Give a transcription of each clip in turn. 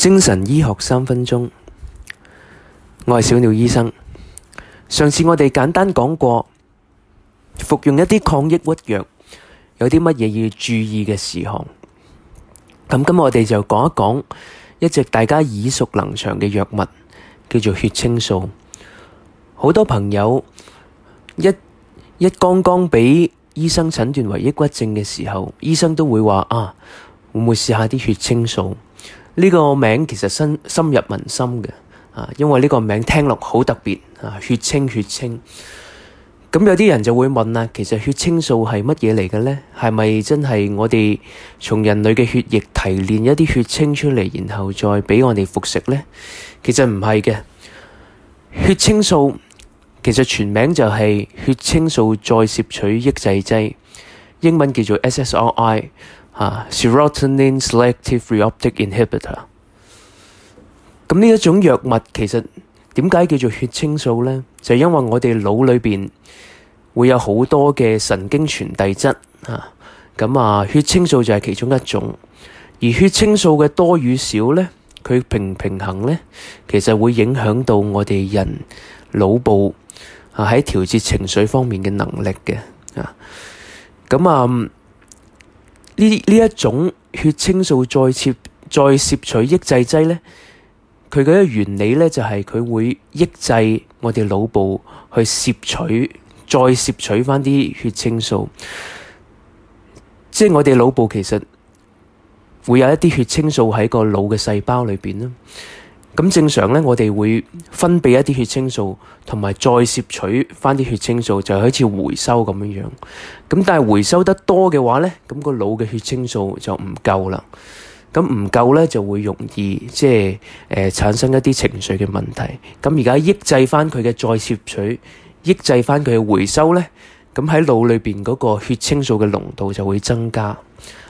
精神醫學三分鐘，我係小鳥醫生。上次我哋簡單講過，服用一啲抗抑鬱藥，有啲乜嘢要注意嘅事項。咁，今日我哋就講一講一隻大家耳熟能詳嘅藥物，叫做血清素。好多朋友一，一剛剛畀醫生診斷為抑鬱症嘅時候，醫生都會話：啊，會唔會試下啲血清素？呢個名其實深深入民心嘅，啊，因為呢個名聽落好特別，啊，血清血清。咁有啲人就會問啦，其實血清素係乜嘢嚟嘅呢？係咪真係我哋從人類嘅血液提煉一啲血清出嚟，然後再畀我哋服食呢？其實唔係嘅，血清素其實全名就係血清素再攝取抑制劑，英文叫做 SSRI。吓，serotonin selective reuptake inhibitor。咁呢一種藥物其實點解叫做血清素咧？就係因為我哋腦裏邊會有好多嘅神經傳遞質吓，咁啊，啊血清素就係其中一種。而血清素嘅多與少咧，佢平唔平衡咧？其實會影響到我哋人腦部啊喺調節情緒方面嘅能力嘅啊。咁啊。啊呢一種血清素再攝再攝取抑制劑呢，佢嘅原理呢，就係佢會抑制我哋腦部去攝取再攝取翻啲血清素，即係我哋腦部其實會有一啲血清素喺個腦嘅細胞裏邊啦。咁正常咧，我哋會分泌一啲血清素，同埋再攝取翻啲血清素，就好似回收咁樣樣。咁但係回收得多嘅話咧，咁個腦嘅血清素就唔夠啦。咁唔夠咧就會容易即係誒、呃、產生一啲情緒嘅問題。咁而家抑制翻佢嘅再攝取，抑制翻佢嘅回收咧，咁喺腦裏面嗰個血清素嘅濃度就會增加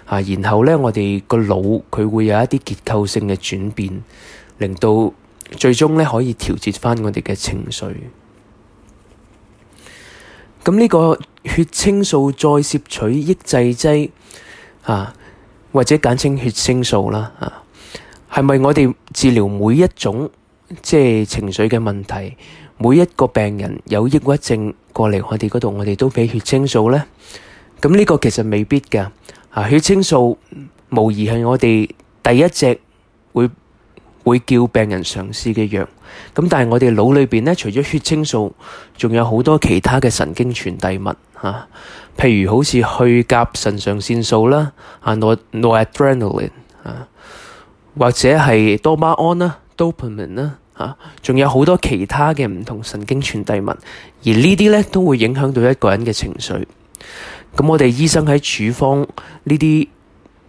啊。然後咧，我哋個腦佢會有一啲結構性嘅轉變。令到最終咧可以調節翻我哋嘅情緒。咁呢個血清素再攝取抑制劑啊，或者簡稱血清素啦啊，係咪我哋治療每一種即係情緒嘅問題，每一個病人有抑鬱症過嚟我哋嗰度，我哋都畀血清素咧？咁呢個其實未必㗎。啊，血清素無疑係我哋第一隻會。會叫病人嘗試嘅藥，咁但係我哋腦裏邊咧，除咗血清素，仲有好多其他嘅神經傳遞物嚇，譬如好似去甲腎上腺素啦，啊，noradrenaline 啊，或者係多巴胺啦，dopamine 啦，嚇，仲有好多其他嘅唔同神經傳遞物，而呢啲咧都會影響到一個人嘅情緒。咁我哋醫生喺處方呢啲。